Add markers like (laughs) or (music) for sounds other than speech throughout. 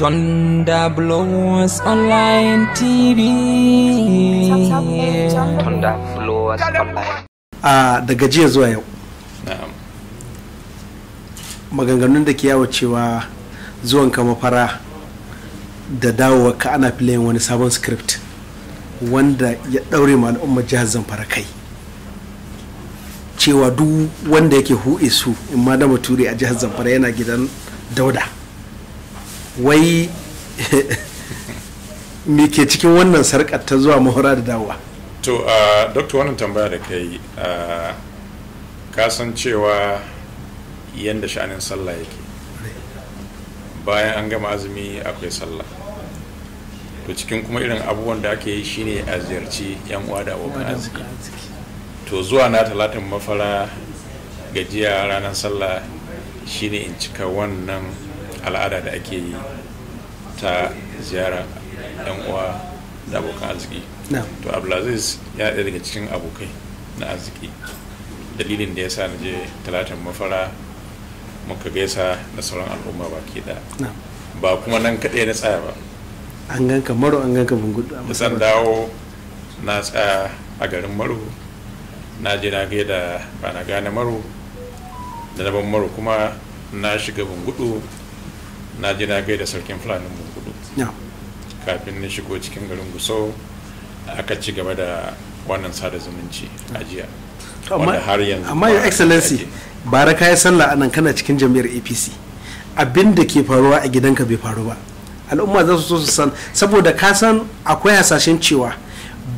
Blows Online TV. Blows Online. Ah, daga jiya zuwa yau. Maganganun da ke yawo cewa zuwan ka mafara da dawowa ka ana filayen wani sabon script wanda ya ɗaure ma jihar Zamfara kai. Cewa duk wanda yake hu'e su in ma da a jihar Zamfara yana gidan dauda. wai (laughs) me ke cikin wannan sarƙar ta zuwa mahura da dawowa to a dokta wannan tambaya da kai kasan cewa yadda sha'anin sallah yake bayan an gama azumi akwai sallah to cikin kuma irin abubuwan da ake yi shine a ziyarci yan uwa da abokan arziki to zuwa na talatin mafara gajiya ranar sallah shine in cika wannan al'ada da ake yi ta ziyara yan uwa da abokan arziki to abdulaziz ya ɗaya daga cikin abokai na arziki dalilin da ya sa na je talatin mafara muka gaisa da sauran al'umma ba ke da ba kuma nan kaɗai na tsaya ba an ganka maro an ganka bungudu a dawo na tsaya a garin maro na je na gaida ba na gane maro da na ban maro kuma na shiga bungudu na je na gaida sarkin fulani mu gudu kafin na shigo cikin garin guso aka ci gaba da wannan sada zumunci a jiya wanda har yanzu amma your excellency bara kai sallah anan kana cikin jami'ar apc abinda ke faruwa a gidanka bai faru ba al'umma za su so su san saboda ka san akwai hasashen cewa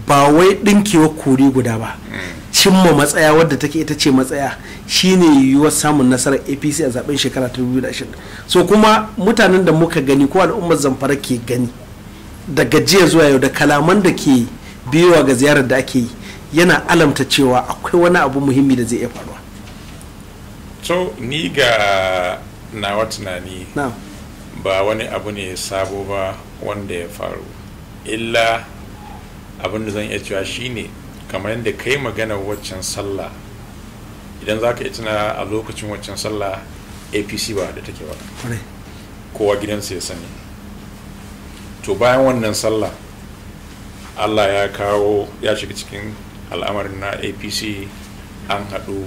ba wai dinkewa kori guda ba mm. cimma matsaya wadda take ita ce matsaya shine yiwuwar samun nasarar apc a zaben shekara 2020 so kuma mutanen da muka gani ko al'ummar zamfara ke gani da gajiya zuwa yau da kalaman da ke biyowa ga ziyarar da ake yi yana alamta cewa akwai wani abu muhimmi da zai iya faruwa so ni ga nawa tunani ba wani abu ne sabo ba wanda ya faru illa abin da zan iya cewa shine kamar yadda ka yi magana waccan sallah idan za ka tuna a lokacin waccan sallah apc ba da take ba kowa gidansa ya sani to bayan wannan sallah allah ya kawo ya shiga cikin al'amarin na apc an haɗu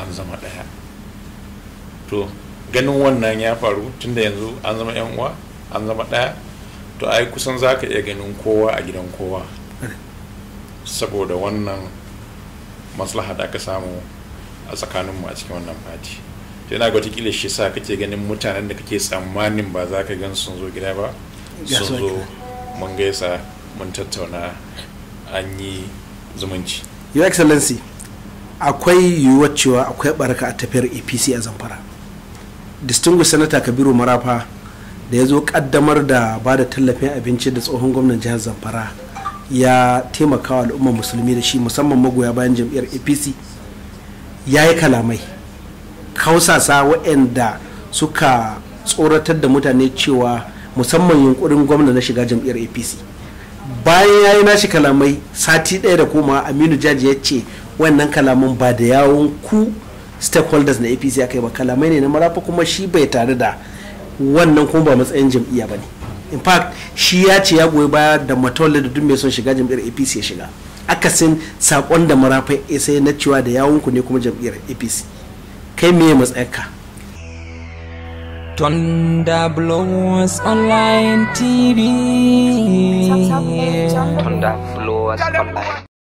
an zama ɗaya to ganin wannan ya faru tun da yanzu an zama yan uwa an zama ɗaya to ai kusan za ka iya ganin kowa a gidan kowa saboda wannan maslaha da aka samu a tsakaninmu a cikin wannan fati to yana ga watakila shi sa kake ganin mutanen da kake tsammanin ba za ka gan sun zo gida ba sun zo mun gaisa mun tattauna an yi zumunci your excellency akwai yiwuwar cewa akwai baraka a tafiyar apc a zamfara distinguished senator kabiru marafa da ya zo kaddamar da ba da tallafin abinci da tsohon gwamnan jihar zamfara ya taimakawa wa al'ummar musulmi da shi musamman magoya bayan jam'iyyar apc ya yi kalamai kausasa waɗanda suka tsoratar da mutane cewa musamman yunkurin gwamna na shiga jam'iyyar apc bayan ya yi nashi kalamai sati ɗaya da koma aminu jaji ya ce wannan kalaman ba da yawon ku stakeholders na apc aka yi ba kalamai ne na marafa kuma shi bai tare da wannan kuma ba matsayin jam'iyya ba ne in fact shi ya ce ya goyi baya da matolle da duk mai son shiga jam'iyyar apc ya shiga akasin sakon da marafai sai na cewa da yawunku ne kuma jam'iyyar apc kai me matsayarka tonda Blowers Online TV. Tonda Blowers Online.